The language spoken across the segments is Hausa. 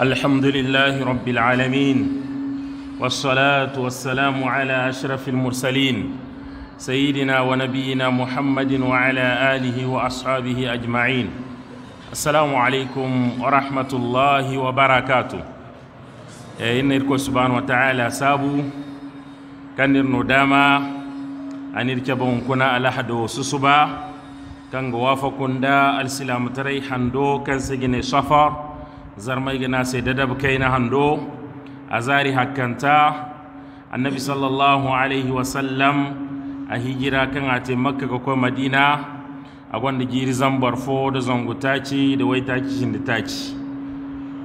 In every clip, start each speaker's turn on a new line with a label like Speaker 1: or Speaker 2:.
Speaker 1: الحمد لله رب العالمين والصلاة والسلام على أشرف المرسلين سيدنا ونبينا محمد وعلى آله وأصحابه أجمعين السلام عليكم ورحمة الله وبركاته إيه، إن إركو سبحانه وتعالى سابو كان نداما أن إركبون كنا ألحد وسسبا كان دا السلام تريحا دو كان سجن صفر sai zarmai zarmaygana na hando a zari hakanta annabi sallallahu alaihi wasallam a hijira kan a makka ga kwa madina a gwanda giri zambar fo da zangu taci da wai taci shin da taci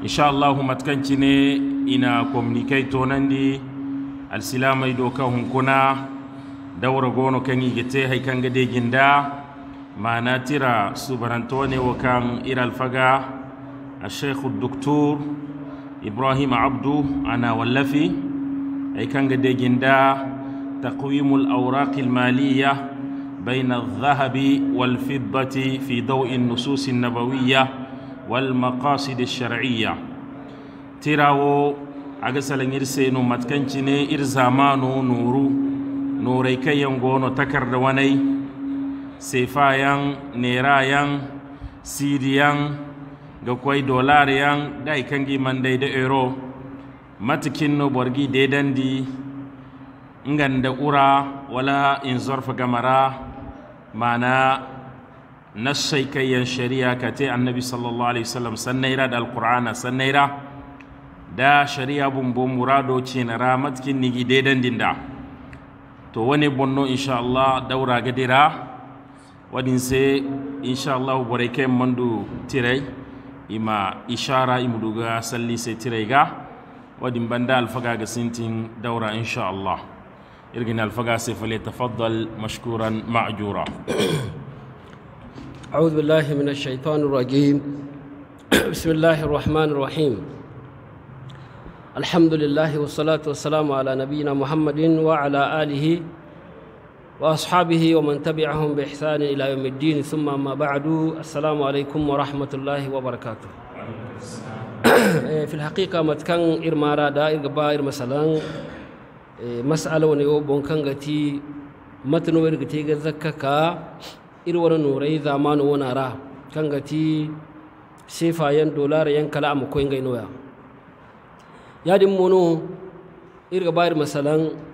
Speaker 1: insha Allah matkanci ne ina communicate tonan di alsilamai doka hunkuna daura gono kan yi gite hai kan gade ginda ma na tira baranto ne wa kan iral الشيخ الدكتور إبراهيم عبدو أنا واللفي أي كان قد جندا تقويم الأوراق المالية بين الذهب والفضة في ضوء النصوص النبوية والمقاصد الشرعية تراو أغسل نرسي نمت كنشني إرزامانو نورو نوري كي ينغونو تكر وني سيفايان نيرايان سيريان ga kwai dolar yang dai kangi mandai da euro matikin no borgi da dandi nganda ura wala in zarfa gamara mana nasai kayan shari'a kate annabi sallallahu alaihi wasallam sannaira da alqur'ana sannaira da shari'a bumbo murado na ramatkin nigi de da to wani bonno insha Allah daura gadira wadin sai insha Allah boreke mandu tirai ima ishara imuduga salli sai tiraiga wadin banda alfaga ga sintin daura insha Allah irgin alfaga sai fale tafaddal mashkuran ma'jura
Speaker 2: a'udhu billahi wa salatu wa salam ala nabiyyina muhammadin wa ala alihi وأصحابه ومن تبعهم بإحسان إلى يوم الدين ثم ما بعد السلام عليكم ورحمة الله وبركاته في الحقيقة متكن إرمارا دا إرقبا إرمسالان مسألة ونيو بونكن غتي متنو إرقتي غزككا إروانا نوري زمان ونارا كان غتي سيفا ين دولار ين كلا أمكوين غينويا يادي مونو إرقبا إرمسالان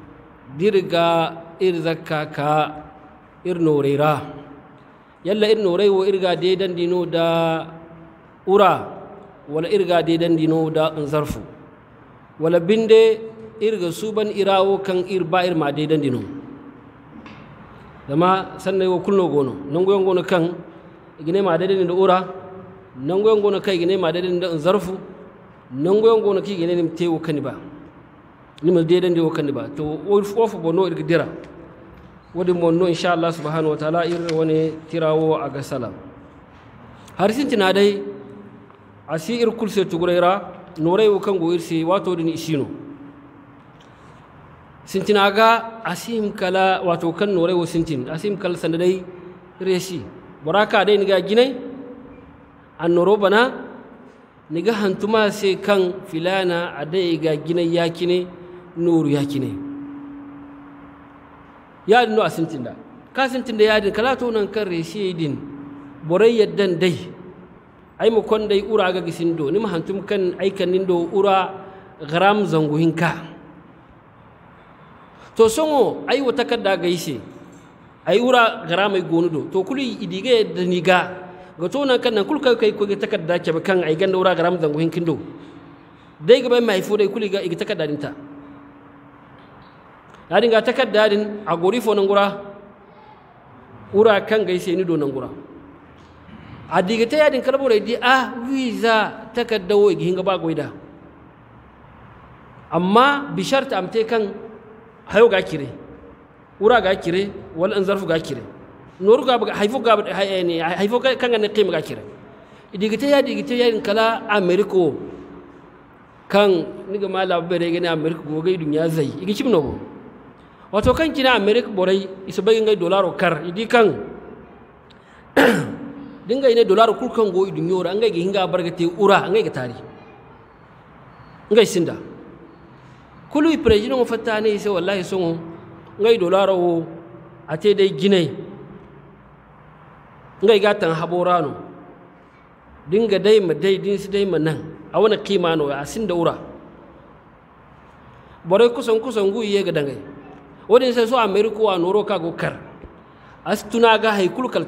Speaker 2: dirga irzakka ka irnorera yalla irnorai wo irga de dino da ura wala irga de dino da zarfu wala binde irga suban irawo kan ba ir ma de dino? dama sannan wo kulno gono nan goyon gono kan igine ma dadin da ura nan goyon gono kai igine ma dan da zarfu nan goyon gono ki igine nim tewo kani ba nim de dandino kani ba to wo fofo bono irga dira wadin monno insha Allah subhanahu wa ta'ala irre woni tirawo aga salam har sintina dai asi ir kulse tugurayra kan wukango irsi wato din isino sintina ga asim kala wato kan noray wo sintin asim kala dai resi baraka dai ga ginai an noro bana ni ga hantuma sai kan filana adai ga ginai yakine nuru yakine yaadin no a da ka da yaadin kala to nan kan resiyedin boray yaddan ai mu kon dai ura ga do ni hantum kan aikan nin do ura gram zangu hinka to songo ai wata kadda ga yise ai ura gram ay gonu do to kuli idiga yadda ni ga to nan kan nan kul kai kai ko ga takadda ke kan ai ganda ura gram zangu do dai ga bai mai fu dai kuli ga iga takadda dinta yadin ga ta kaddadin a gori fonin gura ura kan sai ni donan gura a digita yadin kalbore di a ah, visa ta kaddawo gi hinga ba goida amma bi sharta amte kan hayo ga kire ura ga kire wal an zarfu ga kire noru ga haifo ga eh, haifo kan ne qima ga kire digita ya digita yadin kala america kan niga mala bere gani america gogai dunya zai igi chimno wato kan kina amerik borai isa bagin gai dolaro kar idi kan dinga ine dolaro kurkan go idun yora an gai hinga te ura an gai tari an gai sinda kulu president of ne sai wallahi sun ngai dolaro wo ate dai ginai ngai gatan haborano dinga dai ma dai din su dai ma nan a wani kima no a sinda ura borai kusan kusan guyi ga dangai wodin sai so america wa noro ka a su tuna ga haikul kal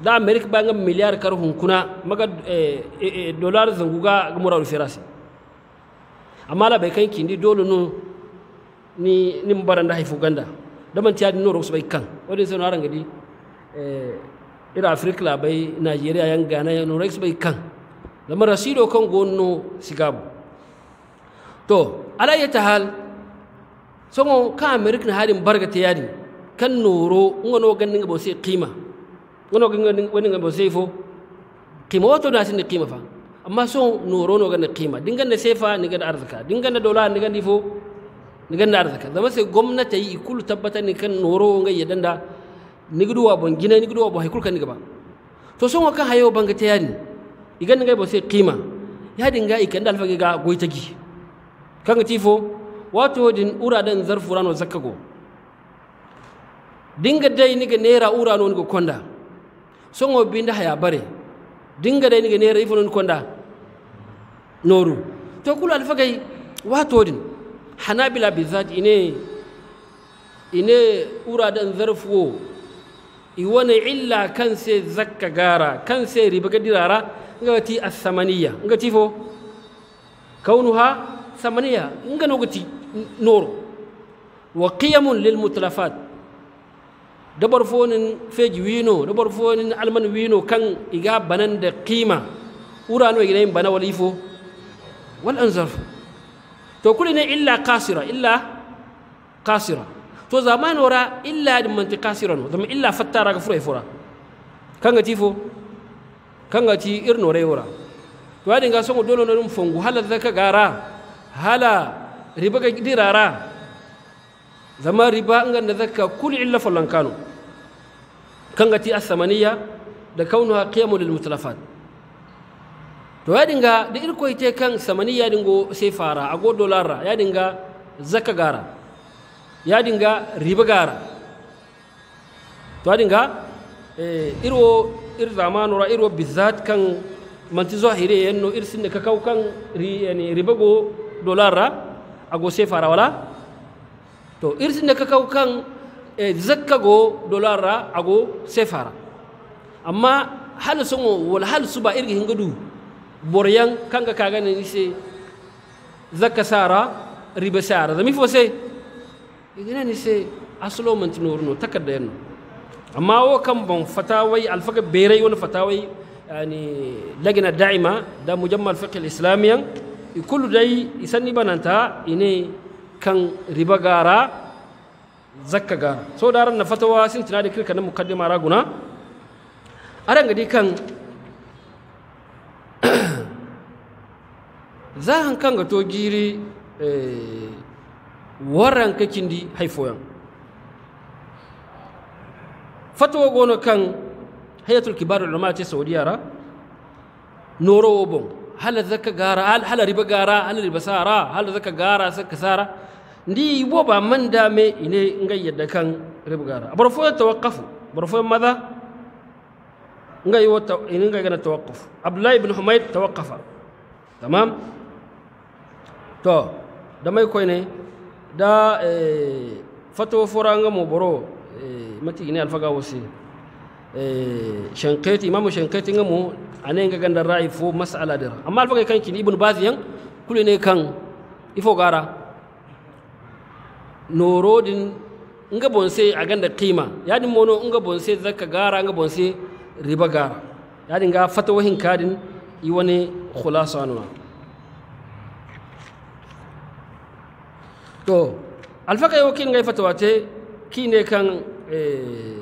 Speaker 2: da america banga miliyar kar hunkuna maga eh, eh, eh, dollar zanguga gumura firasi amma la bai kan kindi dole no ni ni da haifu ganda da man tiya noro su bai kan wodin sai no arangadi eh ira africa la bai nigeria yan gana yan noro su bai kan lamar rasido kan gonno sigabu to ala hal songo ka amerika na harin barga ta kan noro ngono ganin ga sai qima ngono ganin wani ga sai fo qima wato na sin qima fa amma son noro no ganin qima dinga da sefa ni ganin arzaka dinga da dola ni ganin fo ni ganin arzaka zama sai gwamnati yi ikul tabbata ni kan noro ga yadan da ni gudu wa bon gina ni gudu wa bon haikul kan ni gaba to songo ka hayo banga ta yadi igan ga bo sai qima ya dinga ikan da alfa ga goitagi kan ga tifo wato din zarfura no zakago dinga dai niga nera no niga konda songo binda haya bare dinga dai niga nera ifono konda noru to kula alfagai wato din hanabila bizat ine ine uradan i iwane illa kan sai zakka gara kan sai riba gadirara ngati as-samaniya ngati fo kaunuha samaniya ngano gati نورو وقيم للمتلفات دبر فونن فيج وينو دبر فونن علمن وينو كان إيجا بنان دا قيمة ورانو إيجاين بنا وليفو والأنزرف تو كلنا إلا قاصرة إلا قاصرة تو زمان ورا إلا من قاصرة ثم إلا فتارة كفر فورا كان تيفو كان تي إرنو ري ورا تو هذا نقصون دولون فنغو هلا ذكا غارا هلا riba ga dirara zama riba an ganda zakka kulli illa fallan kanu kan gati asmaniya da kaunu qiyamu lil mutlafat to ya dinga da irko ite kan samaniya dingo sai fara ago dolara ya dinga zakka gara ya dinga riba gara to ya dinga eh, irwo ir zamanu ra irwo bizat kan manti zuwa hire yanno irsin da ka ri yani riba go dolara agose fara wala to ka kakau kan e zakka go go ago fara amma hal sun wala hal suba irgi hingadu boryan ka kagana ni se zakka sara riba sara zami fo se igina ni se aslo manti n'o takadda yanno amma wo kan bon fatawai alfaga berai wani fatawai yani lagina da'ima da mujammal fiqh al-islamiyan ikulu dai isan bananta ine kan riba gara zakka gara so daran na fatawa sin tina da kirka na mukaddima raguna aran gadi kan za han kan ga to giri eh, waran kakin di haifoyan fatawa gono kan hayatul kibar ulama ta saudiya ra noro obon hala zaka gara hal riba gara hal riba sara hala zaka gara saka sara ndi bo ba manda me ine ngai yadda kan riba gara abar fo ya tawaqqafu abar fo madha ngai wo ine ngai gana tawaqquf abdullah ibn humayd tawaqqafa tamam to da mai koy ne da eh, fatwa furanga mo boro eh, mati ine alfaga wasi Eh, shankaiti imamu shankati ngamu anen ga ganda ra'i fo mas'ala dira amma alfa kai kanki ibn baz yan kule ne kan ifo gara norodin nga bonse a ganda qima yadin mono nga bonse zakka gara nga bonse riba gara yadin ga fatawahin kadin i wani khulasa anwa to alfa kai wakin ga fatawa te kine kan eh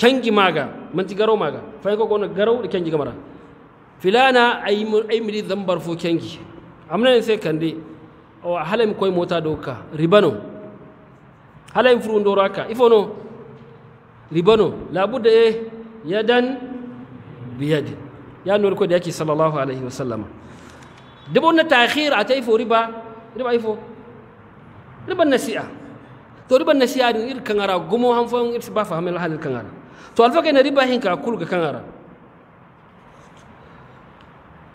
Speaker 2: kengi maga manti garo maga fai ko kono garo da kengi gamara filana ay ay zambar fo kengi amna ne se kande o halem koy mota doka ribano halem furu ndoraka ifono ribano labudda e yadan biyad ya nur ko da yake sallallahu alaihi wasallam debo na ta'khir atay fo riba riba ifo fo riba nasi'a to riba nasi'a din ir kangara gumo han fo ir ba fa halil kangara to alfa kana riba hinka kulga kangara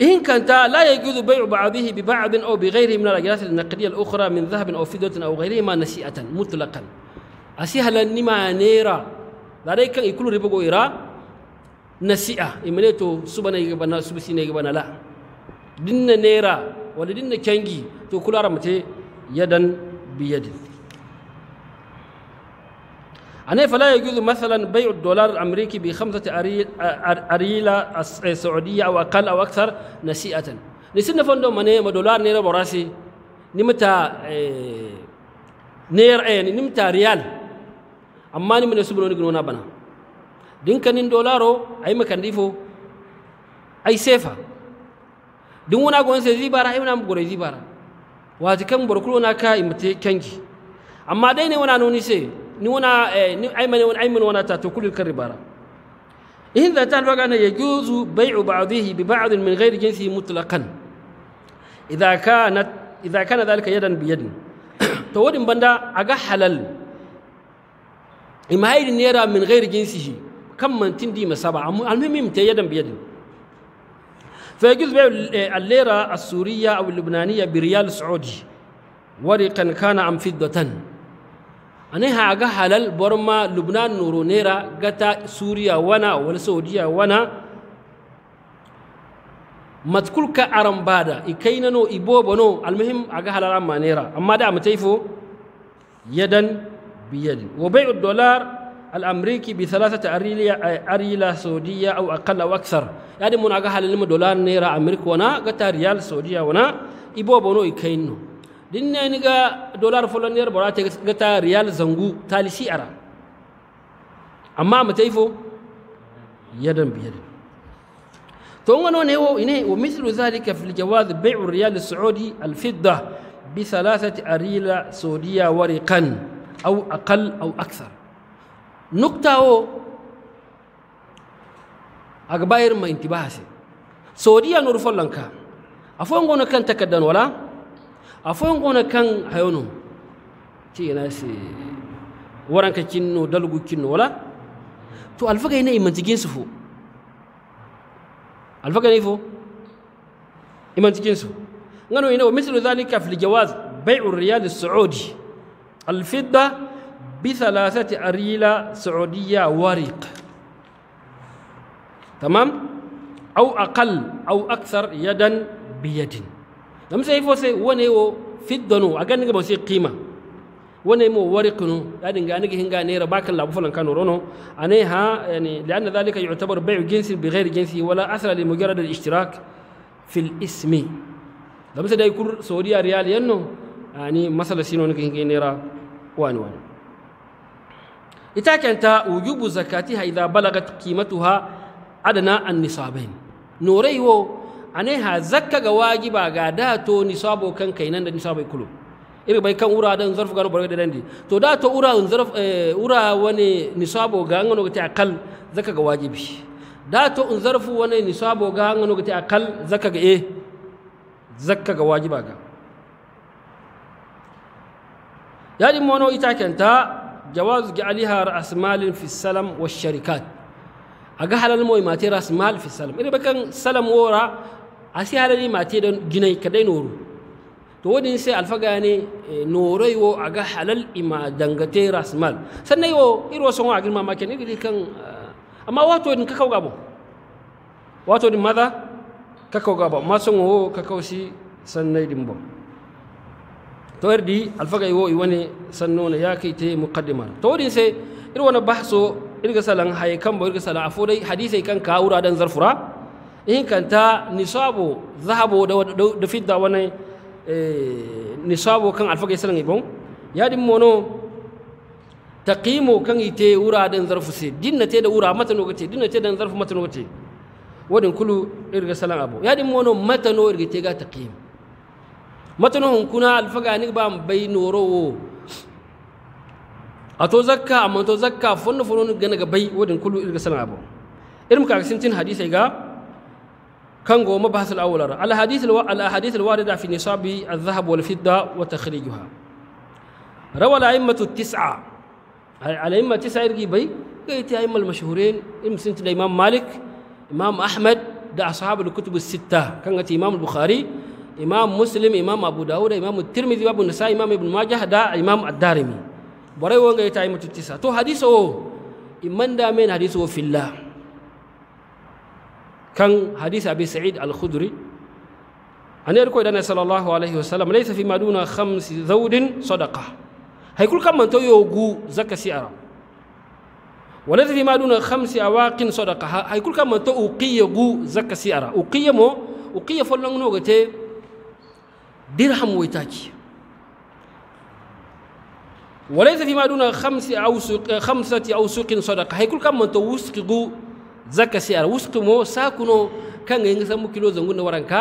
Speaker 2: إن كان لا يجوز بيع بعضه ببعض أو بغيره من الأجناس النقدية الأخرى من ذهب أو فضة أو غيرهما نسيئة مطلقا أسيها لنما نيرا ذلك يكون ربو إيرا نسيئة إمنيتو سبنا يقبنا سبسينا يقبنا لا دين نيرا ولدين كنجي تقول رمتي يدا بيد أنا فلا يجوز مثلا بيع الدولار الأمريكي بخمسة أريلة إيه، سعودية أو أقل أو أكثر نسيئة نسينا فندم ما دولار نيرا براسي نمتا إيه، نير أي نمتا ريال أما نمنا سبنا نقولنا بنا دين كان دولارو أي مكان ديفو أي سيفا دين ونا قوان سيزيبارا أي ونا مقوري زيبارا وهذا كان بركلونا كا إمتي كنجي أما ديني ونا نوني سيه نونا آه، ايمن ni وناتا won ayman wonata to kulil karri يجوز بيع بعضه ببعض من غير جنسه مطلقا إذا كانت إذا كان ذلك يدا بيد تود بندا أجا حلال إما هاي النيرة من غير جنسه كم من تندي مسابع المهم يمت يدا بيد فيجوز بيع آه، الليرة السورية أو اللبنانية بريال سعودي ورقا كان أم فضة ani haga halal borma lubnan nuro nera gata suriya wana wala saudiya wana matkulka aran bada ikainano ibobono almuhim aga halal amma nera amma da amataifo yadan biyadin wa bai'u dollar الامريكي بثلاثه اريلا اريلا سعوديه او اقل او اكثر يعني من اجا حلل دولار نيرا امريكا ونا قطر ريال سعوديه ونا يبو بونو يكينو dinne ni ga dollar foloniyar bora ta gata ta riyal zangu talisi ara amma mu taifo yadan biyar to ngono ne wo ine wa mislu zalika fil jawaz bay'u riyal saudi al fidda bi thalathati arila saudiya wariqan aw aqal aw akthar nukta wo agbayir ma intibahasi saudiya nur follanka afon gono kan takaddan wala أفون أفنقنا كان هيونو تي ناسي ورانك كينو دلوغو كينو ولا تو الفقه هنا إيمان تجين سفو الفقه هنا إيفو إيمان تجين سفو نانو هنا ومثل ذلك في الجواز بيع الريال السعودي الفضة بثلاثة أريلة سعودية وريق تمام أو أقل أو أكثر يدا بيد دم سي فوسي وني في الدنو اغان نغي بوسي قيمه وني مو ورقنو يعني غان نغي هنغا نيرا باك الله بفلان كانو رونو اني ها يعني لان ذلك يعتبر بيع جنس بغير جنس ولا اثر لمجرد الاشتراك في الاسم دم سي داي كور سوريا ريال ينو يعني مساله سينو نغي هنغي نيرا وان وان إتاك أنت وجوب زكاتها إذا بلغت قيمتها عدنا النصابين نوري هو ha zakka ga wajiba ga da to ni sabo kan kai nan da ni sabo kulu ibe bai kan ura dan zarfu garo da dan di to da to ura zarf eh, ura wani ni sabo ga ngano ta akal zakka ga wajibi da to un zarfu wani ni sabo ga ngano ta akal zakka ga e zakka ga wajiba ga yadi mono ita kenta jawaz ga aliha ra'as malin fi salam wa sharikat aga halal moy mate ras mal fi salam ire bakan salam wora asi harani don ginai kadai noru to sai alfaga ne e, norai wo aga halal ima dangate rasmal sannai wo iro sogo agir ne gidi kan amma wato din maza kakau gabo ma sogo wo kakaw si din bo to erɗi alfagay wo i kai sannona yakeyte muqaddimara to woɗin sai ir wona bahso irga salan hay ba irga salan a foɗay kan ka wuraɗan zarfura in kanta nisabo zahabu da da fidda wani nisabo kan alfaga islan ibon ya din mono taqimu kan ite wura din zarfu se dinna te da wura mata nogate dinna te da zarfu mata nogate wadin kulu irga salan abu ya din mono mata no irga te ga taqim mata no hun kuna alfaka ni ba bai noro wo ato zakka amma to zakka fonno fonno gana ga bai wadin kulu irga salan abu irin ka sintin hadisi ga كان قوم بحث الأول رأى الأحاديث الو... الأحاديث الواردة في نصاب الذهب والفضة وتخريجها روى الأئمة التسعة الأئمة التسعة يرقي بي قيت أئمة المشهورين سنت الإمام مالك إمام أحمد ده أصحاب الكتب الستة كانت إمام البخاري إمام مسلم إمام أبو داود إمام الترمذي وأبو النسائي إمام ابن ماجه ده إمام الدارمي بري وان قيت أئمة التسعة تو حديثه إمان دامين حديثه في الله كان حديث أبي سعيد الخدري أن يقول أن صلى الله عليه وسلم ليس فيما دون خمس ذود صدقة هيقول كم من تويوغو زكا سيارة وليس فيما دون خمس أواق صدقة هيقول كم من تويوغو زكا سيارة أقيمو أقيم فلان نوغتي درهم ويتاكي وليس فيما دون خمس أوسق خمسة أوسق صدقة هيقول كم من توسقو zaka si ar wustu mo sakuno kan san samu kilo zangu na waranka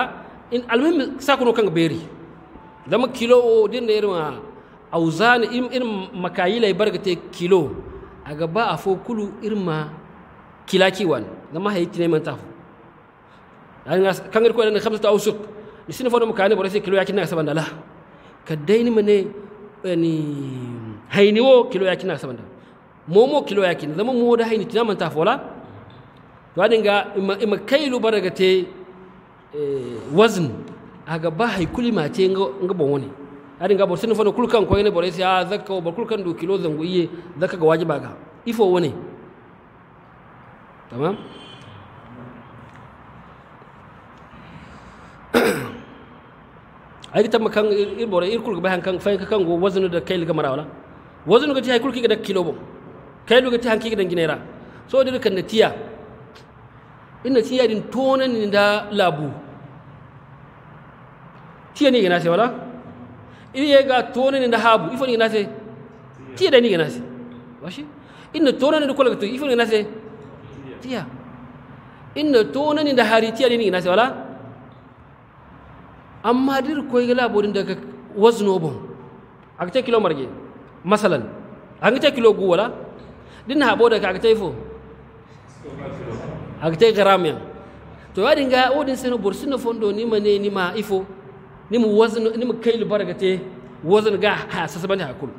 Speaker 2: in almuhim sakuno kan beri dama kilo o din ne irma auzan im in makayila bargate kilo aga ba afo kulu irma kilaki wan dama hayti ne man tafu kan ngi ko ne khamsatu awsuq ni sinu fodo makani bore se kilo yakin na sabanda la kadaini mane yani eh, hayni wo kilo yakin na sabanda momo kilo yakin dama mo da haini tinaman wala wadinga ima kailu baraga te eh, wazn aga ba hay ma te nga bon woni adinga bor sinu fono kulkan ko ne boresi a zakka bor kulkan do kilo zango iye zaka ga wajiba ga ifo wani tamam ay tam kan ir bor ir kul ga han kan kang kan go waznu da kailu ga marawala waznu ga ti hay kulki ga da kilo bo kailu ga ti hanki ga dan ginera so dir kan tiya ina ci yadin tonan ni da labu ne ni sai wala iya ga tonan ni da habu ifo ni sai ci da ni sai washi ina tona ni da kula to ifo ni ganase tiya ina tona ni da hari ne ni sai wala amma dir koy ga labu daga wazno bon akta kilo marge masalan an ta kilo gu wala din habo daga akta ifo agate garamya to yadi nga odin seno borsino fondo nima ne nima ifo nima wazn nima kailu baragate wazn ga ha sasabani hakul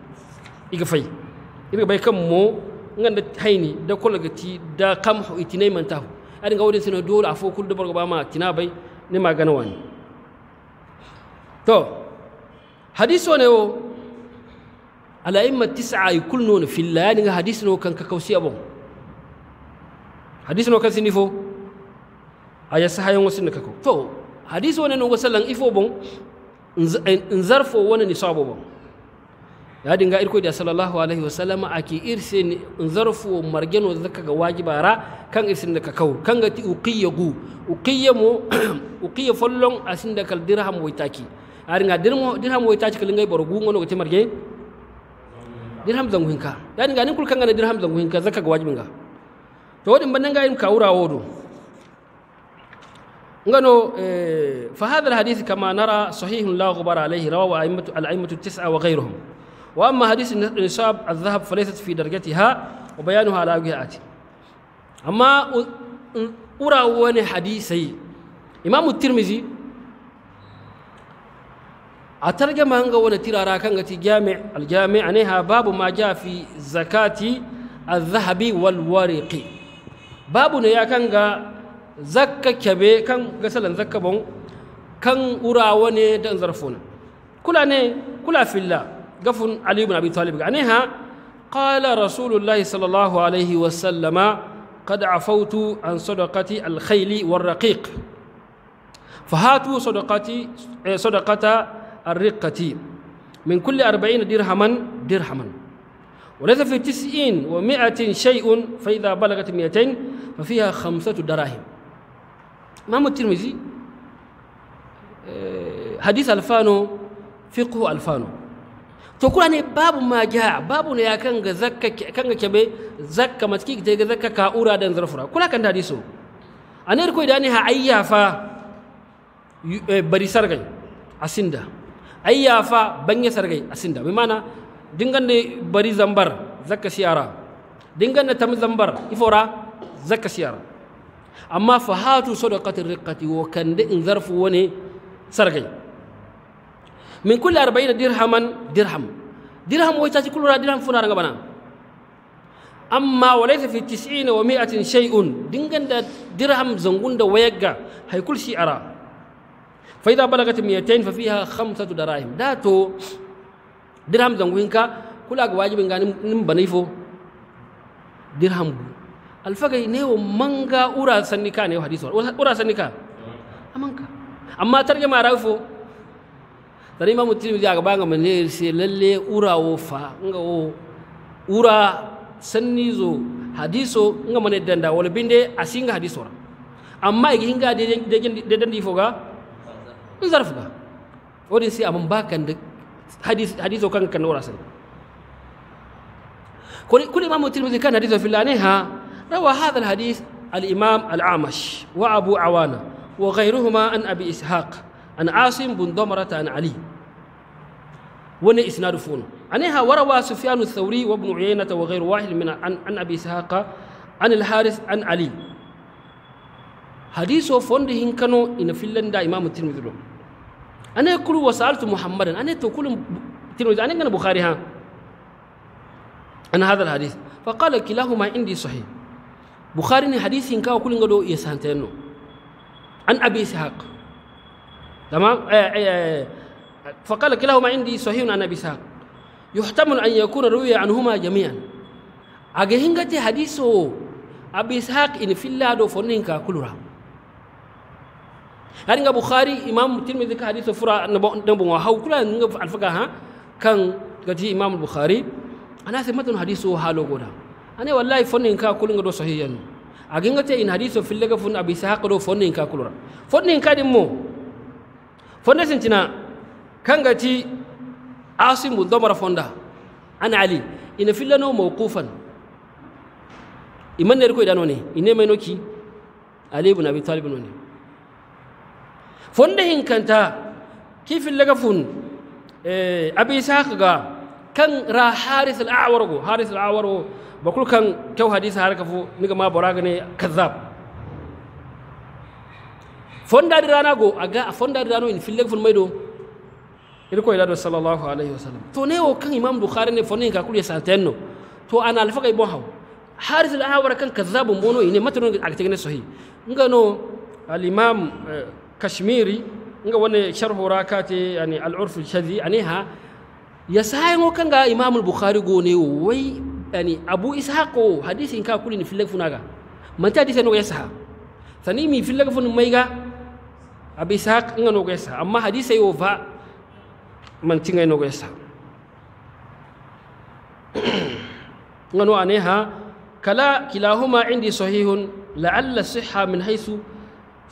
Speaker 2: iga fai. iga bai kam mo nganda hayni da kolagati da kam ho itinay mantahu adi nga odin seno dole afo kul do bargo bama tinabay ma gana wani to hadiso ne wo ala imma tis'a kulnun fil la ni hadis no kan ka kausi abon hadisi no kan sinifo aya sahayo wasu ne kako to hadisi wannan no wasallan ifo bon eh, nzarfo zarfo wannan ni sabo bon ya dinga irko da sallallahu alaihi wasallama ake irse ni nzarfo margeno zaka ga wajiba ra kan irsin da kakau kan ga ti uqiyagu uqiyamo uqiya follon asin da kal dirham waitaki ari nga dirham dirham waitaki kalin gai borogu ngono ga marge dirham zanguhinka ya dinga nin kan ga dirham zanguhinka zaka ga wajibin to woɗin bannanga en ka wurawo ɗum فهذا الحديث كما نرى صحيح لا غبار عليه رواه أئمة الأئمة التسعة وغيرهم وأما حديث النصاب الذهب فليست في درجتها وبيانها على وجه آتي أما أورا وين حديثي إمام الترمذي أترجم هنگا ونتيرا راكنغا جامع الجامع عنها باب ما جاء في زكاة الذهب والورقي babu ne ya kan ga zakka kebe kan gasalan zakka bon kan urawa ne da zarfuna kula ne kula filla gafun ali ibn abi talib ga ne ha qala rasulullahi sallallahu alaihi wa sallama qad afawtu an sadaqati al khayli war raqiq fahatu sadaqati eh, sadaqata ar riqati min kulli 40 dirhaman dirhaman وليس في تسعين ومائة شيء فإذا بلغت مئتين ففيها خمسة دراهم إمام الترمذي حديث الفانو فقه الفانو تقول أنا باب ما جاء باب يا كان زكا كان كبي زكا متكيك تيجي زكا كأورا دن زرفرا كلا كان حديثه أنا ركوي داني ها أيها فا bari sargai asinda ayya fa banye sargai asinda bi mana dingande bari zambar zakka siyara dingande tam zambar zaka siyar amma fa hatu sadaqatir riqati wa kande in zarfu wani sargai min kulli 40 dirhaman dirham dirham wai tati kullu dirham funa ranga bana amma wa laysa fi 90 wa 100 shay'un dingan da dirham zangun da wayagga shi ara fa idha balagat 200 fa fiha khamsatu darahim dato dirham zanguinka kula ga wajibin ganin banai fo dirham alfagay newo manga ura sannika ne hadis ura sannika a amanka amma tarjama rafo dari imamu tirmidhi aga banga mane se lalle ura wo fa nga wo ura sannizo hadiso nga mane danda wala binde asinga hadisora amma igi hinga de de dandi foga zarf ba wodi si amon bakan da hadis hadiso kan kan ura sanni kuli kuli imamu tirmidhi kan hadiso filane ha روى هذا الحديث الإمام العامش وأبو عوانة وغيرهما عن أبي إسحاق عن عاصم بن ضمرة عن علي وني إسناد فون عنها وروى سفيان الثوري وابن عيينة وغير واحد من عن, عن أبي إسحاق عن الحارث عن علي حديث فوندهن كانوا إن في لندا إمام الترمذي أنا يقول وسألت محمدا أنا تقول الترمذي أنا كان بخاري ها أنا هذا الحديث فقال كلاهما عندي صحيح bukhari ni hadisi in kawo kulinga do ya santenno an abi ishaq tamam فقال كلاهما عندي صحيح عن ابي اسحاق يحتمل ان يكون روي عنهما جميعا اجهنجتي حديثه ابي اسحاق ان في الله دو فنينكا كلرا هرنجا بخاري امام الترمذي حديثه فرا نبو هاو كلا الفقه ها كان جدي امام البخاري انا سمعت حديثه حالو غدا ane wallahi fonnin ka kulunga do sahiyan agingate in hadiso fillega fun abi sahaq do fonnin ka kulura fonnin ka din mo fonde sintina kanga ti asimu domara fonda an ali ina fillano mawqufan iman ne ko idano ne inne mai noki ali ibn abi talib ne fonde hinkanta kifin lagafun eh abi sahaq ga kan ra haris al-a'war go haris al-a'war go bakul kan kyau hadisi har kafu niga ma boraga ne kazzab fonda di rana go aga a fonda di rano in fillek fun maido ko ila sallallahu alaihi wasallam to ne o kan imam bukhari ne fonin ka kulya santenno to ana alfa kai bon haw haris al-a'war kan kazzabun bono ine matun aga tegne sahi ngano al-imam eh, kashmiri nga wani sharhu rakati yani al-urf al-shadhi aniha ya sahayengo kanga imamu bukhari gone wai yani abu ishaqo oh, hadisi ka kuli ni filak funaga man ta hadisi ya saha sani mi filak fun maiga abu ishaq nga no ya amma hadisi yo fa man tinga no ya saha ngano kala kilahuma indi sahihun la'alla sihha min haythu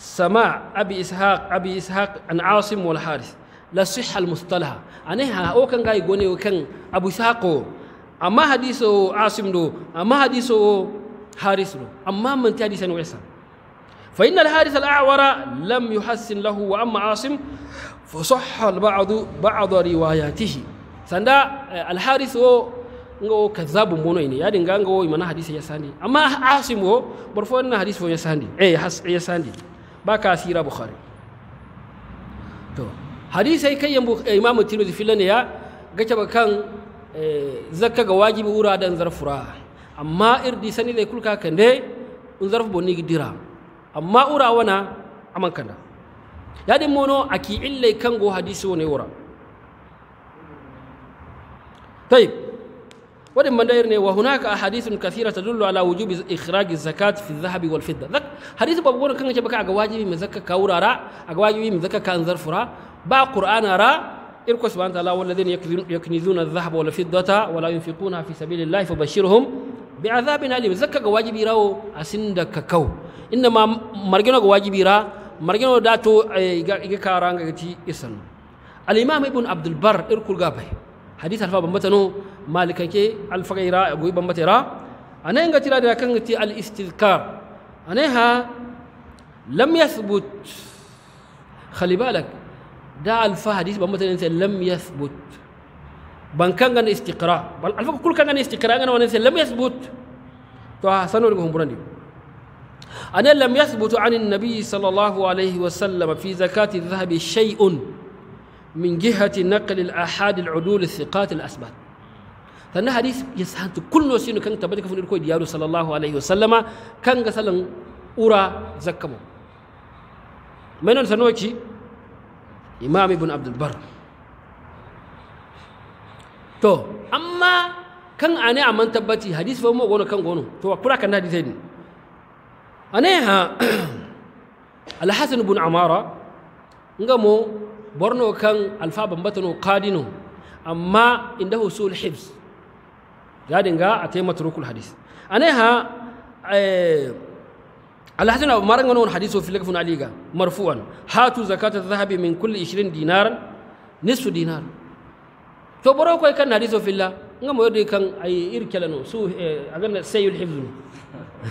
Speaker 2: sama abi ishaq abi ishaq an asim wal harith la sihha almustalaha aneha o kan gai gone kan abu saqo amma hadiso asim do amma hadiso haris do amma man hadisan wasa fa inna alharis alawara lam yuhassin lahu wa amma asim fa sahha alba'd ba'd riwayatihi sanda eh, alharis o ngo kazabu yadi o imana hadisi ya sandi amma asim o borfo na hadisi fo ya sandi eh has ya sandi baka sira bukhari to hadisai kan yambu eh, imamu tirmidhi filane ya gace ba kan eh, zakka ga wajibi wura dan zarfura amma irdi sani dai kulka kan dai un zarf bonni gidira amma ura wana aman kanda ya mono aki illai kan go hadisi wone wura طيب ودم من دايرني وهناك احاديث كثيره تدل على وجوب اخراج الزكاه في الذهب والفضه ذك حديث بابو كان جبك اغا واجبي مزكا wajibi اغا واجبي مزكا كان ظرفرا با قرآن را ارك سبحانه وتعالى والذين يكنزون الذهب والفضة ولا ينفقونها في سبيل الله فبشرهم بعذاب أليم زكا واجب يراو أسند ككو إنما مرجنا واجب يرا مرجنا داتو إيه، إيجا كارانغ إيجي إسن الإمام ابن عبد البر اركل الجابه حديث الفا بمتنو مالك كي الفقيرا يرا بمترا أنا لا كان غتي الاستذكار انها لم يثبت خلي بالك da alfa hadis ba mutane sai lam yathbut ban kan gana istiqra bal alfa kul kan gana istiqra gana wannan sai lam yathbut to sanu daga humburan ne anan lam yathbut an sallallahu alaihi wa sallam fi zakati zahabi shai'un shay'un min jihati naql al-ahad al-udul al-thiqat al-asbat sannan hadis ya santu kullu sinu kan tabbata kafin ko sallallahu alaihi wa sallama ura imam ibn abdulbar to amma kan ane a man tabbaci hadisi fa mo gono kan gono to kura kan hadisi ne ane ha alhassan ibn amara gamo borno kan alfa bambata no qadino amma inda husul hibs gadin ga a taimatrukul hadis ane ha eh على حسن مرنون حديثه في لقفون عليقة مرفوعا هاتوا زكاة الذهب من كل عشرين دينارا نصف دينار تبرو كوي كان حديثه في الله نعم يدري كان أي إركلانو سو أجن آه، سيل حفظه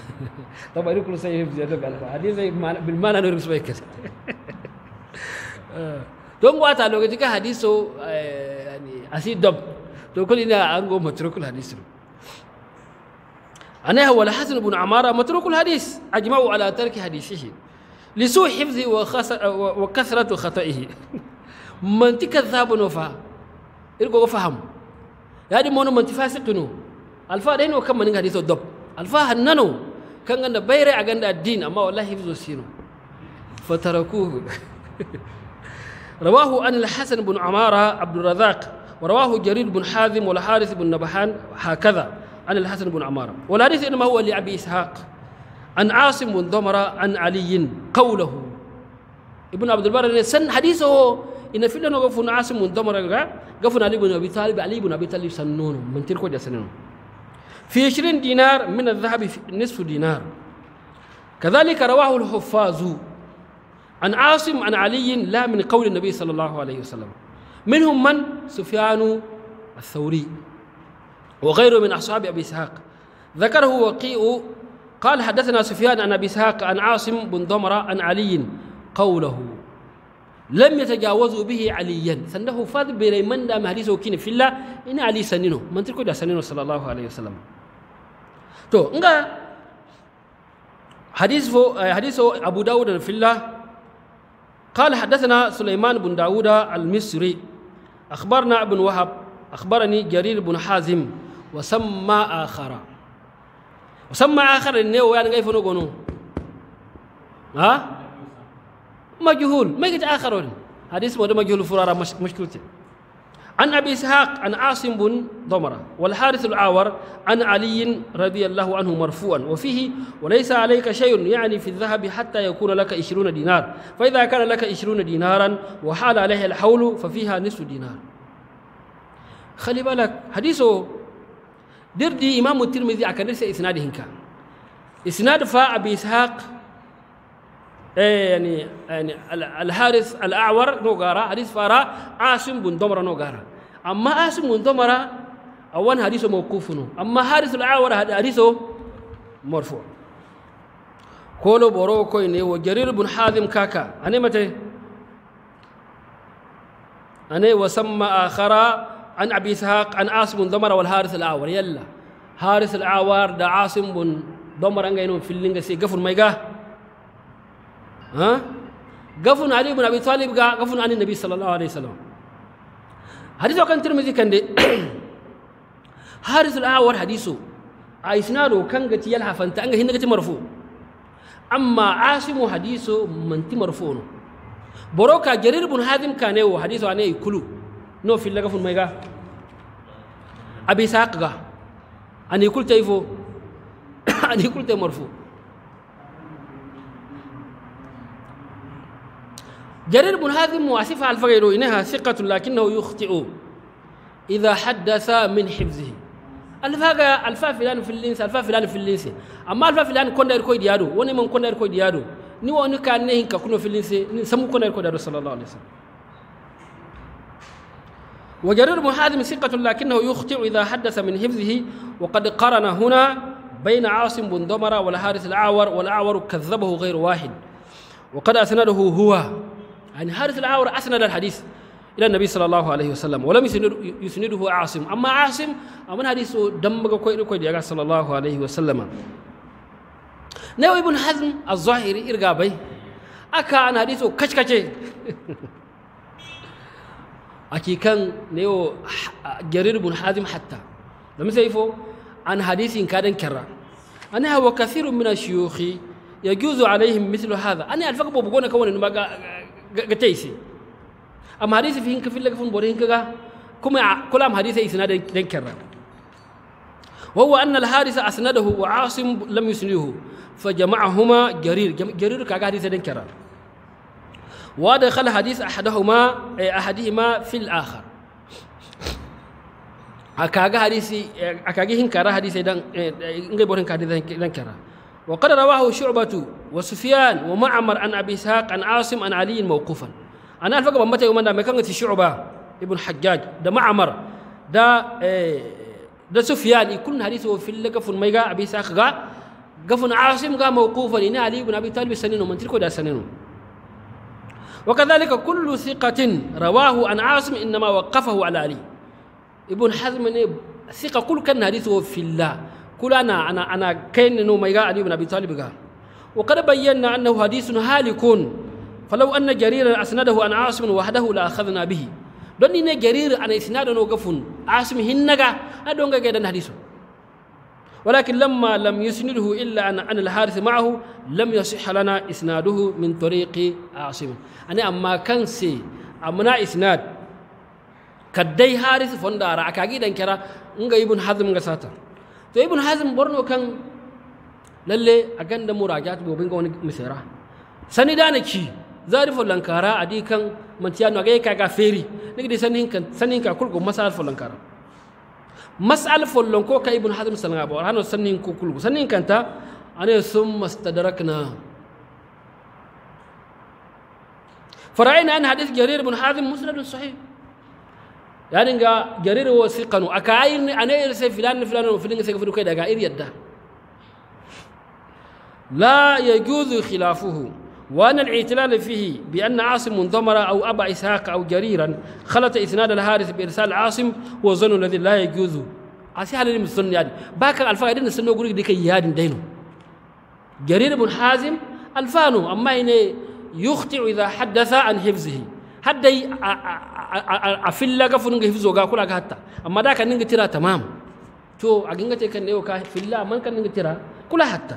Speaker 2: طبعا يقول سيل حفظه هذا قال حديث بالمعنى نورس بيكس دعوا تعالوا كذا حديثه آه، يعني أسيد دب تقول إني أنجو متروك الحديث أنها ولا حسن بن عمارة متروك الحديث أجمعوا على ترك حديثه لسوء حفظه وكثرة خطئه من تكذاب وفا إرقوا فهم يعني مونو من تفاسقنو الفا دين وكم من حديث الدب الفا هننو كان عند بيرة عند الدين أما والله حفظه سينو فتركوه رواه أن الحسن بن عمارة عبد الرزاق ورواه جرير بن حازم والحارث بن نبحان هكذا عن الحسن بن عمارة والحديث إنما هو لأبي إسحاق عن عاصم بن ضمرة عن علي قوله ابن عبد البر سن حديثه إن في لنا غفون عاصم بن ضمرة غفون علي بن أبي طالب علي بن أبي طالب سنون من تلك وجه سنون في 20 دينار من الذهب نصف دينار كذلك رواه الحفاظ عن عاصم عن علي لا من قول النبي صلى الله عليه وسلم منهم من سفيان الثوري وغيره من أصحاب أبي إسحاق ذكره وقيء قال حدثنا سفيان عن أبي إسحاق عن عاصم بن ضمرة عن علي قوله لم يتجاوزوا به عليا سنده فاذ بيري من دام حديثه كين في الله إن علي سنينه من تركوا دا سنينه صلى الله عليه وسلم تو انغا حديث آه، حديث أبو داود في الله قال حدثنا سليمان بن داود المصري أخبرنا ابن وهب أخبرني جرير بن حازم وسمى آخر وسمى آخر النيو يعني كيف نقول ها مجهول ما يجي آخر هذا اسمه مجهول فرارة مشكلته عن أبي إسحاق عن عاصم بن ضمرة والحارث العاور عن علي رضي الله عنه مرفوعا وفيه وليس عليك شيء يعني في الذهب حتى يكون لك عشرون دينار فإذا كان لك عشرون دينارا وحال عليه الحول ففيها نصف دينار خلي بالك حديثه دردي إمام الترمذي أكن أكنرس إسناده هنكا إسناد فا أبي إسحاق إيه يعني يعني الحارث الأعور نوغارا حديث فارا عاصم بن دمرة نوغارا أما عاصم بن دمرة أوان حديثه موقوف أما حارث الأعور حديثه مرفوع كولو برو كويني وجرير بن حازم كاكا أنا متى أنا وسمى آخر عن أبي إسحاق عن عاصم بن ضمر والحارث الأعور يلا حارث الأعور دا عاصم بن ضمر أنجينو في اللينجا سي قفن ميغا ها قفن علي بن أبي طالب قفن عن النبي صلى الله عليه وسلم حديثه كان ترمذي كان دي حارث الأعور حديثه أيسنارو كان قتي يلها فانت أنجا هنا قتي مرفوع أما عاصم حديثه من تي مرفوع بروكا جرير بن هادم كان هو حديثه عن كله نو في لغا فون ميغا أبي ساقغا أني قلت إيفو أني قلت مرفوع جرير بن هازم مؤسف على الفغير إنها ثقة لكنه يخطئ إذا حدث من حفظه الفاغا الفا فلان في اللينس الفا فلان في اللينس أما الفا فلان كون داير كوي ديادو وني من كون داير كوي ديادو ni wani ka ne hinka kuno filin sai samu kuna ko da sallallahu alaihi wasallam وجرير بن حازم ثقة لكنه يخطئ إذا حدث من حفظه وقد قرن هنا بين عاصم بن ضمر والحارث الأعور والأعور كذبه غير واحد وقد أسنده هو يعني حارث الأعور أسند الحديث إلى النبي صلى الله عليه وسلم ولم يسنده عاصم أما عاصم أما حديث دمغ كويد كويد صلى الله عليه وسلم نوى ابن حزم الظاهري إرقابي أكا أن حديثه كشكشي akikan neo jarir bin hazim hatta lam sayfo an hadisin kadan kerra ana hawa kathirun min ashuyukhi yajuzu alaihim mithlu hadha ana alfaka bo bugona kawani ma ga taisi am hadisi fihin kafil lak fun borin kaga kuma kulam hadisi isna dan kerra وهو أن الحارث أسنده وعاصم لم يسنده فجمعهما جرير جرير كاغا حديث دين كرار ودخل حديث أحدهما أحدهما في الآخر أكاغا حديث أكاغي هنكرا حديث دان نغيبو هنكرا دان كرا وقد رواه شعبة وسفيان ومعمر عن أبي إسحاق عن عاصم عن علي موقوفا أنا ألفق بمتى يوم أنا مكانت شعبة ابن حجاج ده معمر ده ده سفيان يكون حديثه في اللقف ميغا أبي إسحاق غا قفن عاصم غا موقوفا إن علي بن أبي طالب سنينه من تلك ده سنينه وكذلك كل ثقة رواه عن عاصم إنما وقفه على علي ابن حزم ثقة كل كان حديثه في الله كل أنا أنا أنا كان إنه ما علي بن أبي طالب قال وقد بينا أنه حديث هالك فلو أن جرير أسنده عن عاصم وحده لأخذنا به دون إن جرير أن إسناده نوقف عاصم هنغا أدونغا كيدان حديثه ولكن لما لم يسنده إلا عن عن الحارث معه لم يصح لنا إسناده من طريق عاصم أنا أما كان سي أمنا إسناد كدي حارث فندارا أكاكي دنكرا نغا ابن حزم غساتا تو ابن حزم برنو كان lalle a ganda murajat bobin ga wani misira sani da na ki zari fulankara a dikan mantiyano ga yaka ga feri nigdi sanin ka sanin ka kurgo masal fulankara مسألة فلون كوكا ابن حزم سلنا بور سنين كو سنين كانتا أنا ثم استدركنا فرأينا أن حديث جرير بن حازم مسند صحيح يعني إن جرير هو ثقة أكاين أنا يرسل فلان فلان وفلان يرسل فلان كيدا أكاير يده لا يجوز خلافه وأن الاعتلال فيه بأن عاصم ضمر أو أبا إسحاق أو جريرا خلط إسناد الحارث بإرسال عاصم هو ظن الذي لا يجوز أسي على لم يسن يعني باك الفائدة نسنو يقول لك يهاد دينه جرير بن حازم الفانو أما إن يخطئ إذا حدث عن حفظه حتى أفل لك فنك حفظه وقاكل حتى أما ذاك ننك ترى تمام تو أجنك تكن كا في الله من كان ننك ترى كل حتى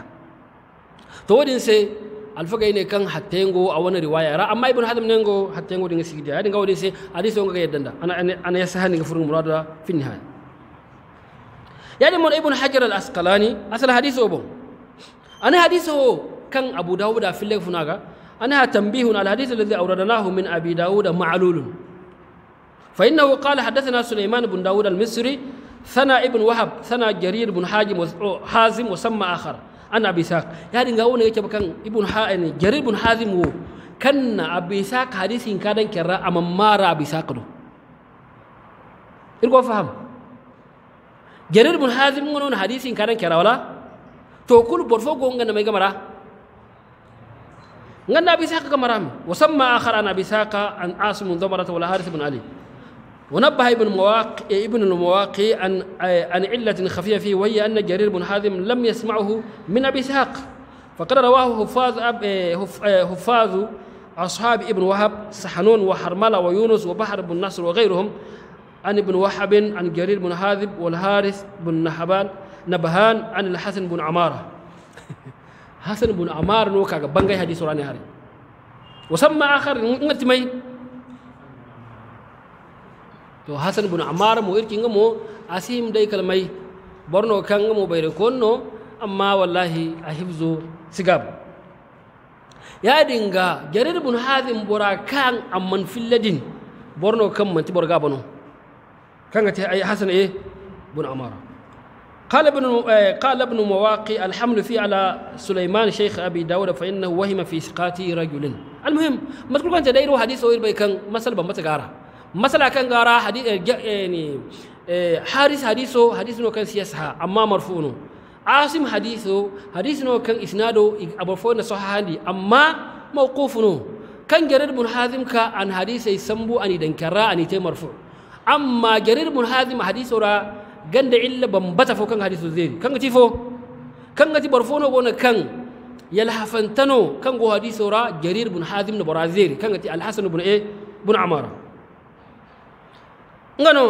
Speaker 2: تو دين سي alfaga ne kan Hatengo a wani riwaya ra amma ibn hadam nengo Hatengo dinga sigidi ya dinga wadi sai hadisi on ga yaddanda ana ana ya sahani ga furun murada fin nihaya yani mun ibn hajar al asqalani asal hadisi obon ana hadisi o kan abu dawud fi lefunaga ana tambihun al hadisi alladhi awradnahu min abi dawud ma'lulun fa innahu qala hadathana sulaiman ibn dawud al misri sana ثنى ابن وهب ثنى جرير بن حاجم حازم وسمى آخر an abi sak ya dinga wona yake bakan ibn ha'ani eh, jarir ibn hazim wo kanna abi sak hadisin kadan kerra amammara abi sak do irgo faham jarir ibn hazim ngono hadisin kadan kerra wala to kul bor fo gonga na mai gamara ngan abi sak mi wa samma akhar an abi ka an asim dhamara wala haris ibn ali ونبه ابن المواقي ابن المواقي عن عن علة خفية فيه وهي أن جرير بن حازم لم يسمعه من أبي إسحاق فقد رواه حفاظ آه، آه، حفاظ أصحاب ابن وهب سحنون وحرملة ويونس وبحر بن نصر وغيرهم عن ابن وهب عن جرير بن حازم والهارث بن نهبان نبهان عن الحسن بن عمارة حسن بن عمار نوكا بنغي حديث راني هاري وسمى آخر نتمين to hasan bun amara mo a ngamo asim dai kalmai borno kan ngamo bayre konno amma wallahi a hifzo sigab ya dinga jarir bun hazim bora kan amman filladin borno kan manti borga bano kan ga ai hasan e eh bun amara قال ابن قال ابن مواقي الحمل في على سليمان شيخ ابي داود فانه وهم في ثقاته رجل المهم ما كان تديروا حديث وير بي كان بمتغاره Matsala kan gara eh, eh, eh, haris hadiso hadiso no kan siyasa amma marfu'un asim hadiso hadiso no kan isnado abarfo na sahandi amma mawqufun kan jarir bin hazim ka an hadisai sambu ani dankara ani tay marfu amma jarir bin hazim hadiso ra ganda illa bambata fo kan hadisu zeri kan ci fo kan ci barfo no gona kan yalhafantano kan go hadiso ra jarir bin hazim na barazeri kan ci alhasan bin e bin amara ngano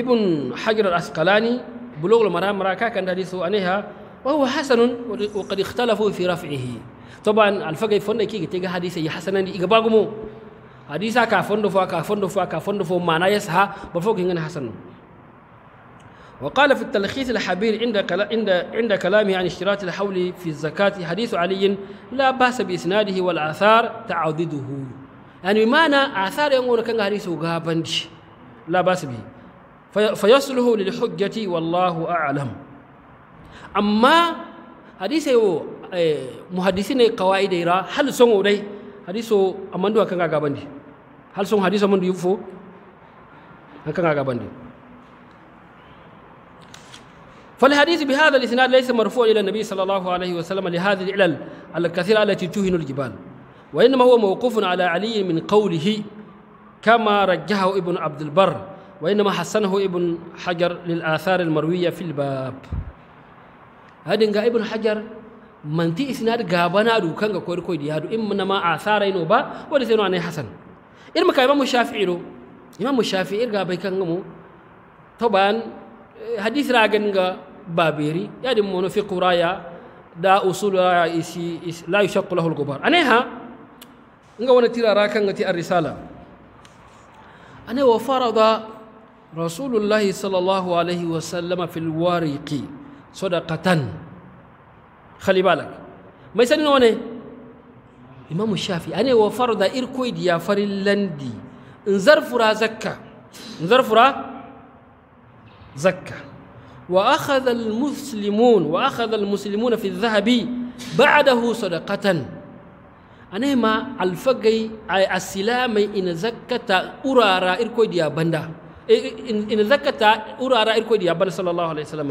Speaker 2: ابن حجر العسقلاني بلوغ المرام راكا كان حديثه عنها وهو حسن وقد اختلفوا في رفعه طبعا الفقه فن كي تيجا حديثه حسنا يغباغمو حديثا كا فندو فوا كا فندو فوا كا فندو فوا معناه يسها بفوق هنا حسن وقال في التلخيص الحبير عند عند عند كلامه عن اشتراط الحول في الزكاة حديث علي لا بأس بإسناده والآثار تعضده yani mana yan gona kan hadisi ga bandi la basu bi fa yasluhu lil hujjati wallahu a'lam amma hadisi yo e, muhaddisi ne kawaida ra hal son odai hadiso amandu kan ga bandi hal son hadiso yufo kan ga bandi فالحديث بهذا الاسناد ليس مرفوعا الى النبي صلى الله عليه وسلم لهذه العلل الكثيره التي تهن الجبال وإنما هو موقوف على علي من قوله كما رجحه ابن عبد البر وإنما حسنه ابن حجر للآثار المروية في الباب هذا قال ابن حجر من تي إسناد قابنا دو كان قوير كويد يادو إنما آثار نوبا با ورثينو عني حسن إنما كان إمام الشافعي رو إمام الشافعي إرقا بيكان قمو طبعا حديث راقن بابيري يعني منو في قرية دا أصول لا, يشق له الغبار أنيها nga tira raka nga ti arrisala ane wa farada rasulullahi sallallahu alayhi wa sallam fil lwariqi sadaqatan khali balak mai sani wone imam shafi ane wa farada irkoydi ya farillandi in zarfura zakka in zarfura zakka wa akhadha almuslimun wa akhadha almuslimuna fi الذهب بعده صدقه أنهما الفجي على السلام إن زكاة أورارا إركوي ديا بندا إن زكاة أورارا إركوي ديا بندا صلى الله عليه وسلم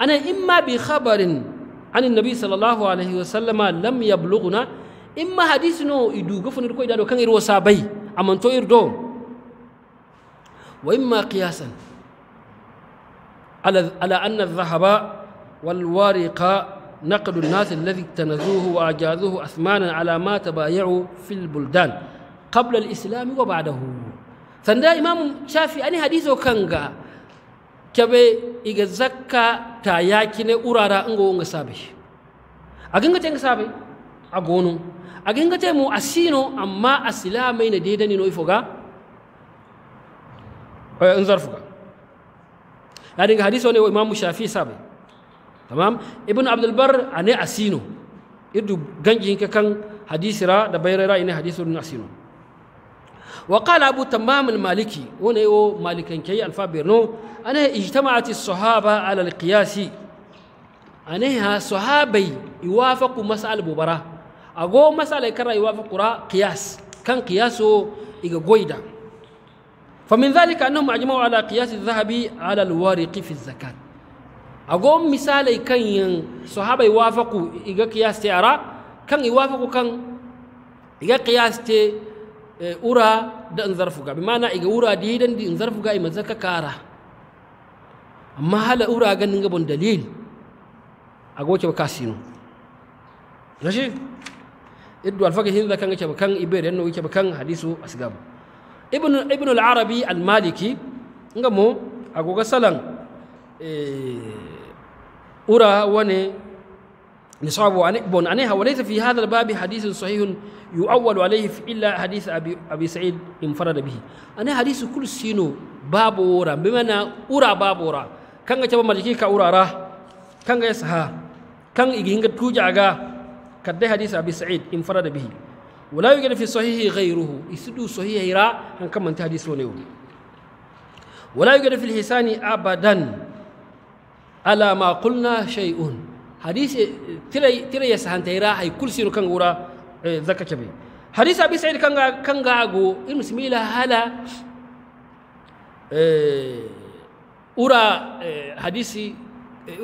Speaker 2: أنا إما بخبر عن النبي صلى الله عليه وسلم لم يبلغنا إما حديث نو يدو غفن إركوي دادو كان إروسا بي أمن تو إردو وإما قياسا على على أن الذهب والورق نقل الناس الذي اجتنزوه وأجازوه أثمانا على ما تبايعوا في البلدان قبل الإسلام وبعده سندا إمام شافي أني حديثه كانغا كبي إيجا زكا تاياكيني أورارا أنغو أنغ سابي أغنغ تنغ سابي أغونو أغنغ تيمو أسينو أما أسلامين ديدني نويفوغا أنظر فوغا يعني حديثه إمام شافي سابي tamam ibn abdul bar ane asino idu ganjin ka kan hadisira da bayrara ine hadisu ibn asino wa qala abu tamam al maliki wona yo malikan kay alfa berno ane ijtama'at as sahaba ala al qiyasi ane ha sahabai iwafaqu mas'al bubara ago mas'al kara iwafaqu ra qiyas kan qiyaso iga goida فمن ذلك أنهم أجمعوا على قياس الذهب على الوارق في الزكاة agon misalai kan yin sahabai wafaku iga kiyas te ara kan iwafaku kan iga kiyas te eh, ura da in zarfuga bi mana iga ura di dan di in zarfuga ima zaka kara amma hala ura ganin gabon dalil ago ba kasino nashi iddu alfaka hinda kan ke kan ibere yanno ke kan hadisu asgabu ibnu ibnu al-arabi al-maliki ngamo agoga salan eh أرى وني نصاب بون عنيها وليس في هذا الباب حديث صحيح يؤول عليه إلا حديث أبي, أبي سعيد انفرد به أنا حديث كل سينو باب ورا بمعنى أرى باب ورا كان جاب مالكي كأرى راه كان يسها كان يجينك توجع كده حديث أبي سعيد انفرد به ولا يوجد في صحيح غيره يسدو صحيح را كم من حديث ولا يوجد في الحسان أبداً ala ma qulna shay'un hadisi eh, tire tire ya sahanta ira hay kul siru kan gura eh, zaka kebe hadisi abi sa'id kanga ga kan ga go in musmila hala eh, ura hadisi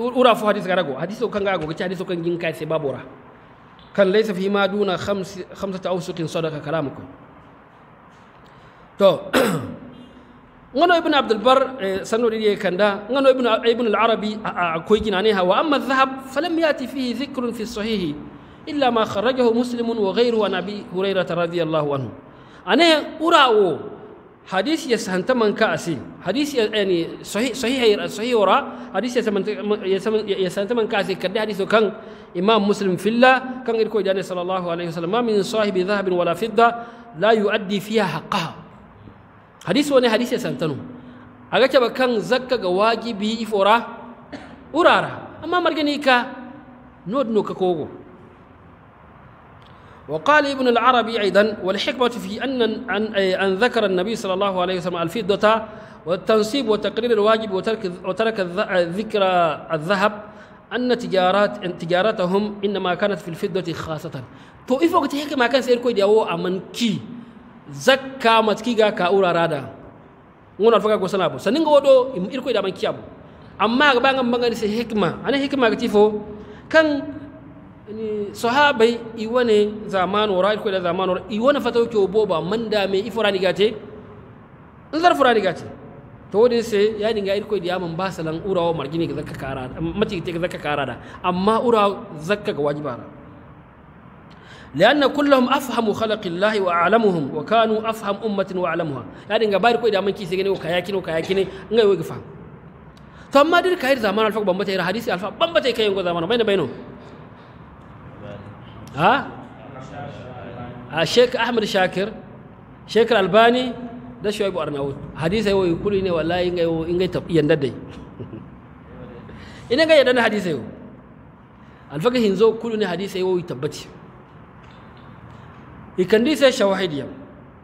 Speaker 2: ura fo hadisi garago hadisi kan ga go hadisi kan gin kai sai babura kan laysa fi ma duna khamsata awsuqin sadaqa kalamukum to ngano ibn عبد البر سنو دي كندا ngano ibn ابن العربي كوي جنانيها واما الذهب فلم ياتي فيه ذكر في الصحيح الا ما خرجه مسلم وغيره عن ابي هريره رضي الله عنه انا اراو حديث يسهنت من كاسي حديث يعني صحيح صحيح صحيح ورا حديث يسهنت من كاسي كده حديث كان امام مسلم في الله كان يقول صلى الله عليه وسلم ما من صاحب ذهب ولا فضه لا يؤدي فيها حقها hadisi woni hadisi e santanu aga caɓa kan zakka ga waajibi ifora urara amma margani ka نود كوكو وقال ابن العربي أيضا والحكمة في أن أن, أن ذكر النبي صلى الله عليه وسلم الفضة والتنصيب وتقرير الواجب وترك وترك ذكر الذهب أن تجارات أن تجارتهم إنما كانت في الفضة خاصة تو إفوك تهيك ما كان سيركو يدعو أمن كي zakka matkiga ka ura rada ngona faka ko sanabu saninga wodo ko da man kiyabo amma ga bangan bangani se hikma ana hikma ga tifo kan ni sahabai iwane zamanu ra ko da zamanu iwane fata ko boba da me ifurani gate in zar zarfurani gate to wodi se ya dinga ko da yaman basalan urawo margini ga zakka karada mati ga zakka karada amma ura zakka ga wajibara لأن كلهم أفهموا خلق الله وأعلمهم وكانوا أفهم أمة وأعلمها يعني نبارك إذا من كيس جنوا كياكين وكياكين نعي وقفهم ثم دير كهير زمان الفق بمبتة إلى حديث الفق بمبتة كيان قو زمان بين بينه ها الشيخ أحمد شاكر شيخ الألباني ده شويب أرناؤوط حديثه هو يقول إني والله إني إني تب ينددي إني جاي يدنا حديثه الفقه هنزو كل إني حديثه هو يتبتي ikandisa shawahidiya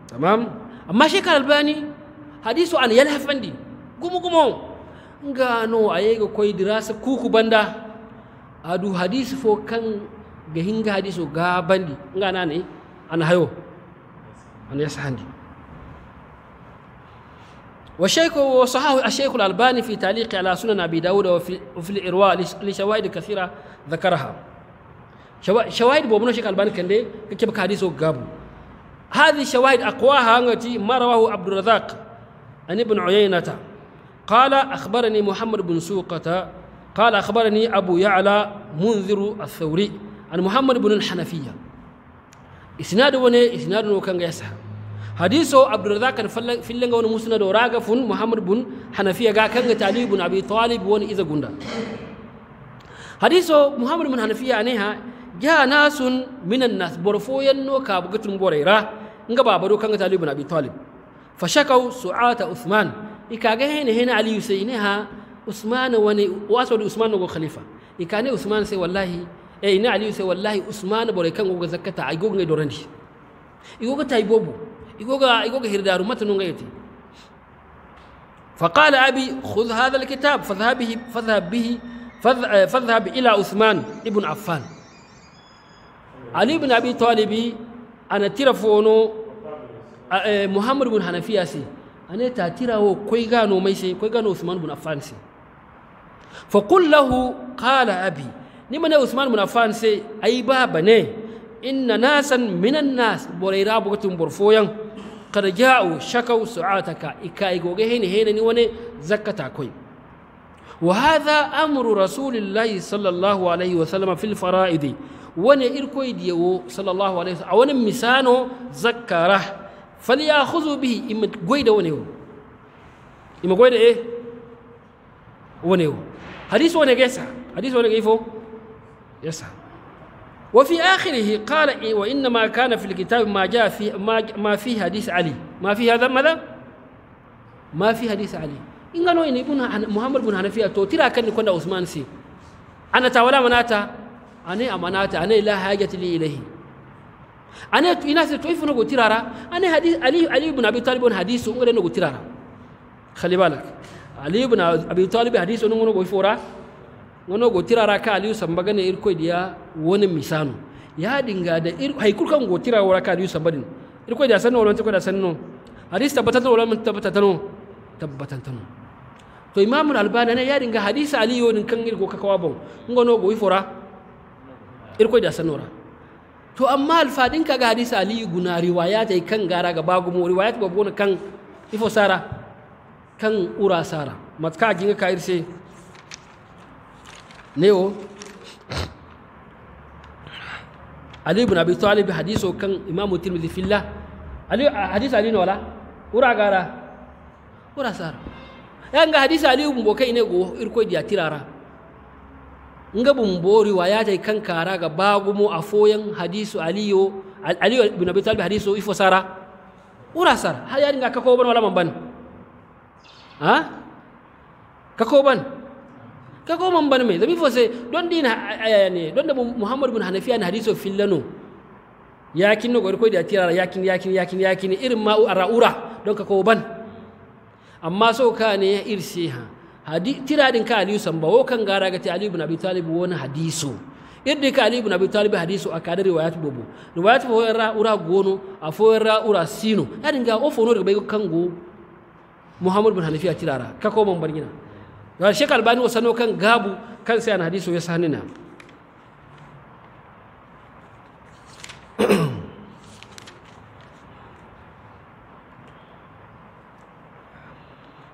Speaker 2: tamam amma shi kan albani hadisu an yalhaf indi gumu gumu nga no ayega dirasa kuku banda adu hadis fo kan ga hinga hadisu ga bandi nga nani an hayo an yasa handi wa shaykhu wa sahahu ash-shaykh albani fi taliqi ala sunan abi daud wa fi al-irwa شواهد بوبنا شيخ الباني كان دي كيف حديثه غابو هذه الشواهد أقواها التي ما رواه عبد الرزاق عن ابن عيينة قال أخبرني محمد بن سوقة قال أخبرني أبو يعلى منذر الثوري عن محمد بن الحنفية إسناد وني إسناد وكان يسحى حديثه عبد الرزاق كان في اللغة ونمسند وراغف محمد بن حنفية كان تعليب بن أبي طالب ون إذا قلنا حديثه محمد بن حنفية عنها جاء ناس من الناس برفو ينو كابقتن بوريرا نغا بابرو كان علي بن ابي طالب فشكوا سعاة عثمان إكا جهين هنا علي يسينها عثمان واني واسود عثمان نغو خليفة إكا ني عثمان سي والله إيه ني علي يسي والله عثمان بوري كان غو زكتا عيقوغ ني دورندي إيقوغ تاي بوبو إيقوغ ايغو هيردارو متنو غيتي فقال أبي خذ هذا الكتاب فذهب به فذهب به فذهب إلى عثمان ابن عفان ali ibn abi talibi ana tira fono eh, muhammad ibn hanafiya si ana ta tira wo koy gano mai sai koi gano usman ibn affan si fa qul lahu qala abi ni mane usman ibn affan se ai baba ne inna nasan minan nas boreira bugatun borfoyan kada ja'u shakau su'ataka ikai goge hene hene ni wani zakata koi وهذا أمر رسول الله صلى الله عليه وسلم في الفرائض وني إركوي ديو صلى الله عليه وسلم أولا مسانو ذكره فليأخذوا به إما قويدة ونيو إما قويدة إيه ونيو حديث ونيو يسعى حديث ونيو يفو يسا وفي آخره قال إيه وإنما كان في الكتاب ما جاء في ما, جاء ما في حديث علي ما في هذا ماذا ما في حديث علي إن كانوا إن ابن محمد بن حنفية تو ترى كان يكون عثمان سي أنا تولى مناتا ane amanata ane la hajati li ilayhi ane inase toifu no gutirara ane hadith ali ali ibn abi talib on no gutirara khali balak ali ibn abi talib ngono ngono gutirara ka ali sambagane irko dia woni misano ya dinga da ir haikul kan gutira wara ka ali sambadin irko da sanno wala ko da sanno hadith wala mun to imam al-albani ne ya dinga ali yo kan irko kakawabon ngono irko da sanora to amma alfadin ka ga hadisi ali guna riwaya ta kan gara ga bagu mo riwayat ta bona kan ifo sara kan ura sara matka jinga ka irse neo ali ibn abi talib hadiso kan imamu tirmidhi fillah ali hadisi ali wala ura gara ura sara yanga hadisi ali ibn bokai ne go irko da tirara nga bumbori wa yata kan kara ga bagumo afoyan hadisu aliyo aliyo ibn abi talib hadisu ifo sara ura sara har nga kako ban wala mamban ha kako ban kako mamban me zami fose don dina ne don da muhammad ibn hanafiya ne hadisu fillano yakin no gori ko da tirara yakin yakin yakin yakin irin ma ara ura don kako ban amma so ka ne irsi ha hadi tiradin ka aliyu samba bawo kan gara gati aliyu ibn abi talib wani hadisu yadda ka aliyu ibn abi talib a kadar riwayat bobo riwayat bobo ra ura gono fo ra ura sino yadin ga ofo no bai go muhammad bin hanifiya tirara ka ko man bargina ga shek albani sano kan gabu kan sai an hadisu ya sanina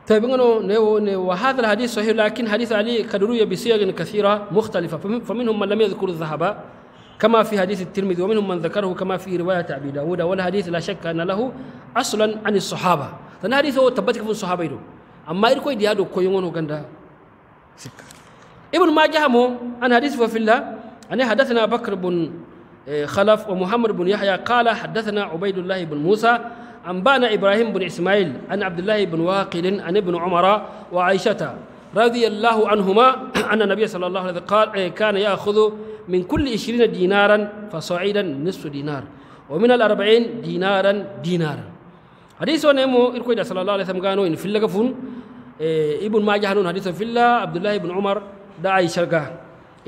Speaker 2: طيب وهذا الحديث صحيح لكن حديث علي قد روي بصيغ كثيرة مختلفة فمنهم من لم يذكر الذهب كما في حديث الترمذي ومنهم من ذكره كما في رواية أبي داود والحديث لا شك أن له أصلا عن الصحابة لأن حديثه هو تبتك في الصحابة أما إركو يديادو كويون وغندا سكة ابن ماجه مو أن حديث وفي الله أن حدثنا بكر بن آه، خلف ومحمد بن يحيى قال حدثنا عبيد الله بن موسى أنبأنا إبراهيم بن إسماعيل عن عبد الله بن واقل عن ابن عمر وعائشة رضي الله عنهما أن النبي صلى الله عليه وسلم قال إيه، كان يأخذ من كل عشرين دينارا فصعيدا نصف دينار ومن الأربعين دينارا دينارا حديث ونمو إركويدا صلى الله عليه وسلم قالوا إن في اللقفون إيه، ابن ماجه هنون حديث في الله عبد الله بن عمر دعا يشرقا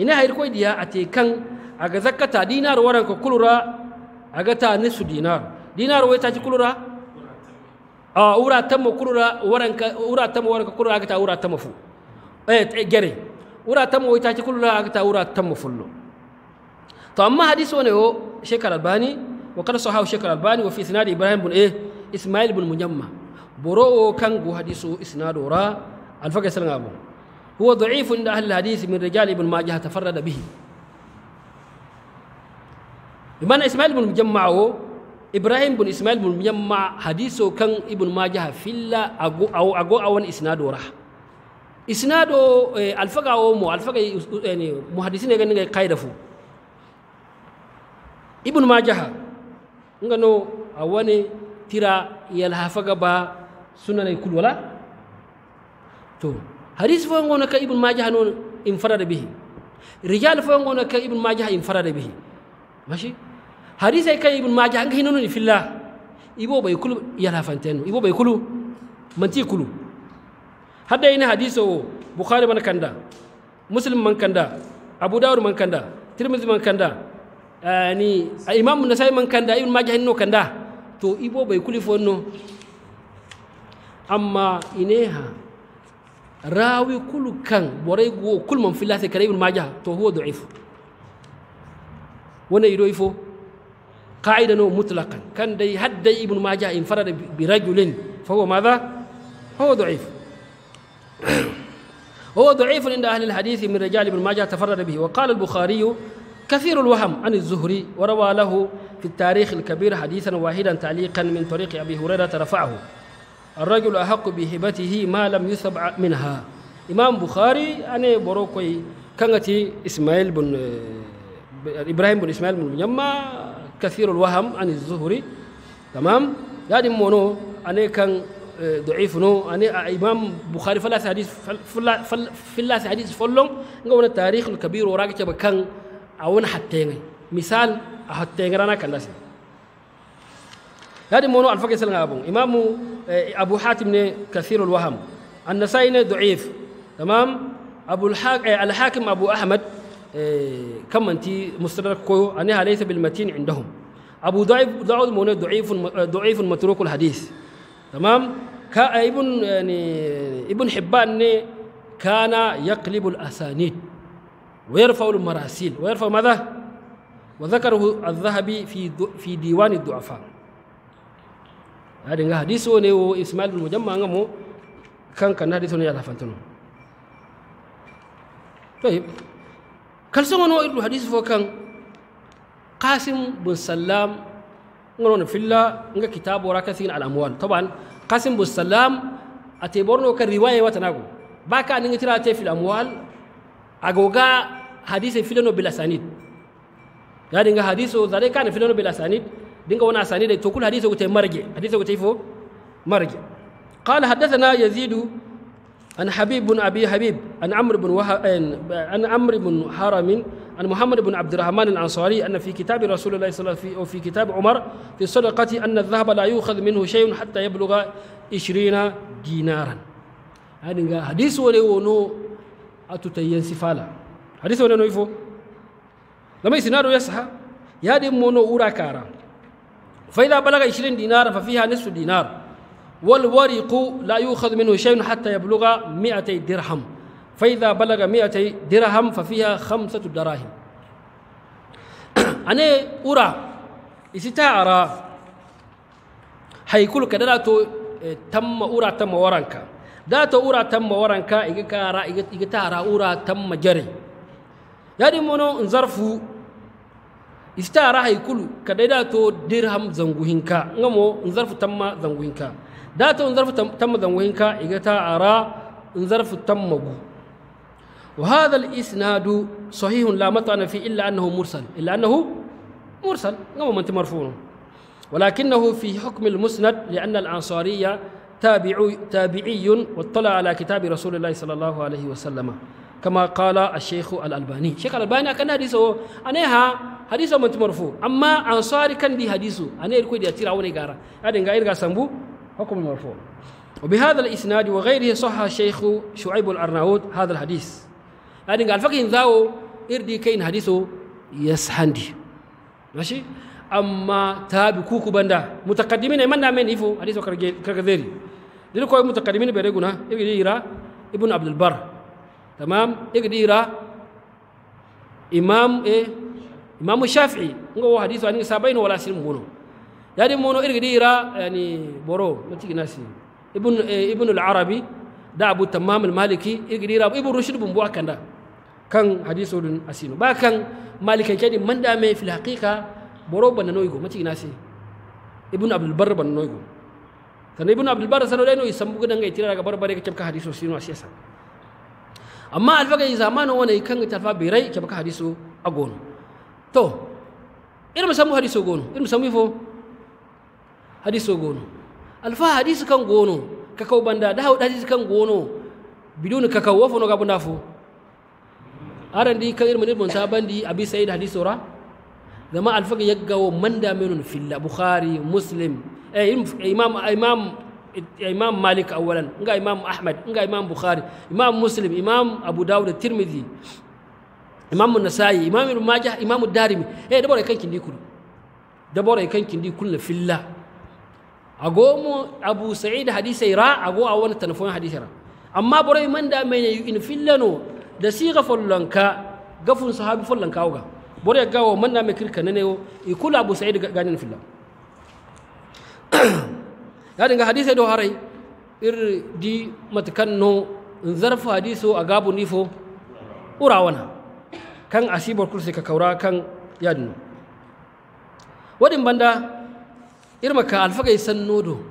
Speaker 2: إنها إركويدا أتي كان أغزكتا دينار ورنك كل را أغتا نصف دينار دينار ويتاج كل را a ura tamma kurura waranka ura tamma waranka kurura agata ura tamma fu eh gere ura tamma wita ci kurura agata ura tamma fullo to amma hadisi wani yo Sheikh Al-Albani wa qad sahahu Sheikh Al-Albani wa fi isnad Ibrahim bin eh Ismail bin Munyamma boro kan go hadisu isnadu ra alfaqa sallallahu alaihi هو ضعيف عند أهل الحديث من رجال ابن ماجه تفرد به بمعنى إسماعيل بن مجمعه ibrahim bin ismail bin ma hadiso kan ibn majah filla ago ago awan isnado ra isnado eh, alfaga o mo alfaga eh, muhaddisine ga ninga qaida fu ibn majah ngano awane tira yal hafaga ba sunan kul wala to hadis fo ngona ka ibn majah non in farada bihi rijal fo ngona ka ibn majah in farada bihi ماشي hadisa kai ibn majah an hinunu filla ibo bai kulu yala fantenu ibo bai kulu manti kulu hadda ina hadisa o oh, bukhari man kanda muslim man kanda abu dawud man kanda tirmidhi man kanda ani ah, ah, imam nasai man kanda ibn majah hinno kanda to ibo bai kuli fonno amma ineha rawi kulu kan borai go kulman filla sai kare ibn majah to huwa da'if wannan ido ifo قاعدة مطلقا كان دي حد ابن ماجه انفرد برجل فهو ماذا هو ضعيف هو ضعيف عند أهل الحديث من رجال ابن ماجه تفرد به وقال البخاري كثير الوهم عن الزهري وروى له في التاريخ الكبير حديثا واحدا تعليقا من طريق أبي هريرة رفعه الرجل أحق بهبته ما لم يثب منها إمام بخاري أنا بروكوي كانت إسماعيل بن إبراهيم بن إسماعيل بن يما كثير الوهم عن الزهري تمام يعني مونو أنا كان آه، ضعيف نو أنا آه، إمام بخاري فلا حديث فلا فلا حديث فلهم نقول التاريخ الكبير وراك تبقى كان أون حتى مثال حتى أنا كان ناس هذا مونو الفقه سلنا أبو إمام آه، أبو حاتم كثير الوهم النسائي ضعيف تمام أبو الحاكم أبو أحمد إيه، كم أنتي مستدرك كوي أنها ليس بالمتين عندهم أبو ضعيف داود مونه ضعيف ضعيف متروك الحديث تمام كا يعني ابن حبان كان يقلب الأسانيد ويرفع المراسيل ويرفع ماذا وذكره الذهبي في في ديوان الضعفاء هذا نغا حديث وني اسماعيل بن مجمع غمو كان كان حديث يا طيب kalsan wani wa'idu hadisi fo kan qasim bin sallam ngono filla nga kitabu rakasin al amwal taban qasim bin sallam ate borno kan riwaya watanago ka ninga tira ate fil a goga hadisi filano bil asanid ya dinga hadiso zare kan filano bil asanid dinga wana asanid to kul hadiso gute marge hadiso gute fo marge قال حدثنا يزيد عن حبيب بن أبي حبيب عن عمرو بن وهب عن إيه، عمرو بن حرم عن محمد بن عبد الرحمن الأنصاري أن في كتاب رسول الله صلى الله عليه وسلم في كتاب عمر في الصدقة أن الذهب لا يؤخذ منه شيء حتى يبلغ 20 دينارا هذا حديث ولي ونو أتتين سفالة حديث ولي نويفو لما يسنارو يسحى يادي مونو أورا كارا فإذا بلغ 20 دينارا ففيها نصف دينار والورق لا يؤخذ منه شيء حتى يبلغ مئتي درهم فإذا بلغ مئتي درهم ففيها خمسة دراهم أنا أرى إذا أرى هيكل كذا إيه، تم أرى تم ورانكا داتو أرى تم ورانكا إجتا أرى إجتا أرى أرى تم جري يعني منو نزرفو إذا أرى هيكل كذا درهم زنغوهينكا نمو نزرفو تم زنغوهينكا ذات ظرف تم ذنوينك إجتا أرى ظرف تم وهذا الإسناد صحيح لا مطعن فيه إلا أنه مرسل إلا أنه مرسل نعم أنت مرفوع ولكنه في حكم المسند لأن الأنصارية تابعي, تابعي واطلع على كتاب رسول الله صلى الله عليه وسلم كما قال الشيخ الألباني الشيخ الألباني كان حديثه أنها حديثه من مرفوع أما أنصاري كان دي حديثه أنا يركو دي أتير أوني غارة هذا نغير غاسمبو حكم المرفوع وبهذا الإسناد وغيره صح الشيخ شعيب الأرناؤوط هذا الحديث لكن يعني قال فكين ذاو إردي كين حديثه يسحندي ماشي أما تاب كوكو بندا متقدمين من من يفو حديث كركذيري دل كوي متقدمين بيرجونا يقدر ابن عبد البر تمام يقدر إمام إيه إمام الشافعي هو حديثه عن سبعين ولا سلم منه yadi mono irgidi ira yani eh, boro matigi nasi ibn eh, ibn al-arabi da abu tamam al-maliki irgidi ira ibn rushd bin buakanda akanda kan hadisu dun asino ba kan malikan kedi manda me fil haqiqa boro banna noigo mati nasi ibn abdul barr banna noigo tan ibn abdul barr sanu dai no isambu gudan ga tira daga barbare ka tabka hadiso sino asiyasa amma alfaga zamanu zamanin wani kan tafa birai ke hadisu hadiso a to irin samu hadiso gono irin samu ifo hadiso gono alfa hadisi kan gono kakau banda da hawɗa hadisi kan gono biduni kakau wafu no gabunda fo aran di kan irmo nirmon sabandi abi said hadisora gama alfaga yaggawo manda menun filla bukhari muslim eh, imam imam imam malik awalan nga imam ahmad nga imam bukhari imam muslim imam abu daud tirmidhi imam nasai imam ibn majah imam darimi eh dabora kan kindi kul dabora kan kindi kulla fillah agomo abu sa'id hadisa ira ago a wani telefon hadisai amma amma man manda mai ne in fillano da siga follanka gafun sahabi follanka ga wa man manda mai kirka ne ne ikula abu sa'id ganin fillan ya dinga hadisa do harai ir di matakan no zarfa hadiso a gabu nifo urawana kan asibar kursi ka kaura kan yadinu wadin banda يرمك ألفقي سنودو